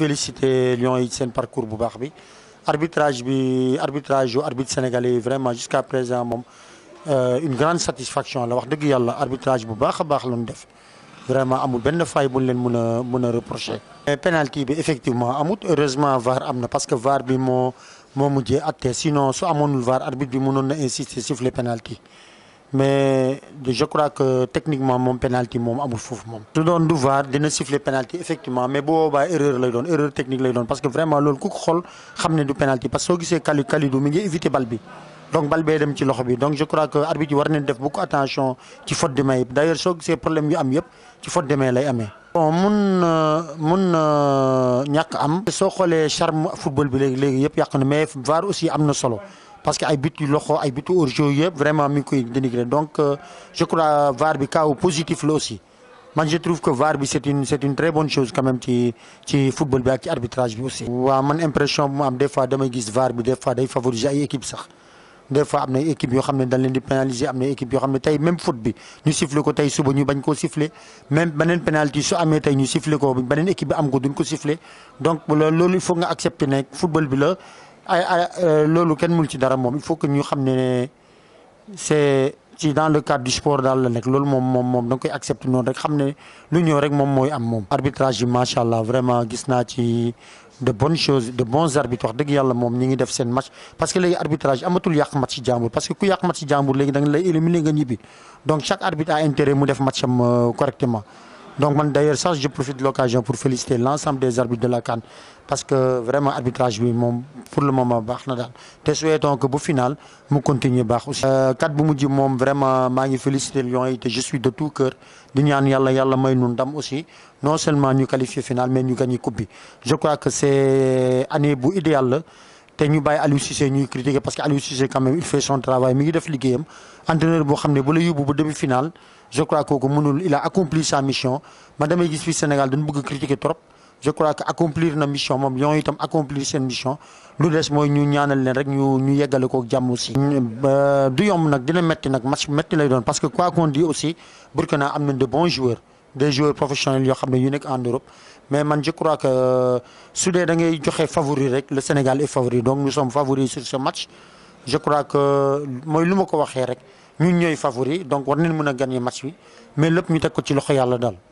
félicité Lions yi seen parcours bu baax bi arbitrage bi arbitrage yu arbitre sénégalais yi vraiment jusqu'à présent moom euh, une grande satisfaction la wax dëgg yàlla arbitrage bu baax a baax la def vraiment amul benn faille bu leen mën a mën a reprocher. mais penalty bi effectivement amul heureusement VAR am na parce que VAR bi moo moo mujjee atte sinon su amoonul VAR arbitre bi mënoon na insister siffler penalty. mais je crois que techniquement moom penalty moom amul foofu moom. su doon du VAR dina siffler penalty effectivement mais boobaa erreur lay doon erreur technique lay doon parce que vraiment loolu ku ko xool xam ne du penalty parce que soo gisee Kalidou Kalidou mi ngi éviter bal donc bal dem ci loxo bi donc je crois que arbitre yi war nañ def beaucoup attention ci faute de main yëpp d' ailleurs soo gisee problème yu am yëpp ci faute de main lay amee. mun mun am. soo xoolee charme football bi léegi léegi yëpp yàq na mais VAR aussi am na solo. parce que ay bitu loxo ay bitu hors-jeu yëpp vraiment mi ngi koy dénigrer donc euh, je crois VAR bi cas positif la aussi man je trouve que VAR bi c'est une très bonne chose quand ci football bi ak ci arbitrage bi aussi. waaw man impression am des damay gis VAR bi des fois day favoriser ay équipe sax. des am na équipe yoo xam ne dañ leen di pénaliser am na équipe yoo xam ne tey même foot bi ñu siffle ko tey suba ñu bañ koo siffle même beneen penalty su amee tey ñu siffle ko beneen équipe bi am ko duñ ko siffle ay euh, loolu kenn mul ci dara moom il faut que ñu xam ne c'est ci dans le cadre du sport daal la nekk loolu moom moom moom da nga koy accepté noonu rek xam ne lu ñëw rek moom mooy am moom. arbitrage yi macha allah vraiment gis naa ci de bonnes choses de bons arbitres wax dëgg yàlla moom ñi ngi def seen match parce que léegi arbitrage amatul yàq match ci jàmbur parce que ku yàq match ci jàmbur léegi da nga lay éliminer nga ñibbi donc chaque arbitre a intérêt mu def matcham euh, correctement. donc man d'ailleurs sax je profite de l'occasion pour féliciter l'ensemble des arbitres de la CAN parce que vraiment arbitrage bi moom pour le moment baax na daal te souhaitons que bu final mu continuer baax aussi. Euh, kat bu mujj moom vraiment maa ngi féliciter Lions yi te je suis de tout cœur di ñaan yàlla yàlla may nu ndam aussi non seulement ñu qualifier final mais ñu gagner coupe bi je crois que c'est année bu idéal la. te ñu bàyyi Aliou Cissé ñuy critiquer parce que Aliou Cissé il fait son travail mi def liggéeyam entraîneur boo xam ne bu la yóbbu ba demi finale je crois kooku mënul il a accompli sa mission man damay gis fii Sénégal dañu bëgg critiquer trop je crois que accomplir na mission moom Lions itam accomplir seen mission lu des mooy ñu ñaanal leen rek ñu ñu yeggale ko jàmm aussi. du yomb nag dina metti nag match metti lay doon parce que quoi qu'on dit aussi na de bons des joueurs professionnels yoo xam ne yu nekk en Europe mais man je crois que euh, su dee da ngay joxe favori rek le Sénégal est favori donc nous sommes favoris sur ce match je crois que mooy lu ma ko waxee rek ñu ñooy favori donc war nañ mën a gagner match bi mais lépp ñu teg ko ci loxo yàlla daal.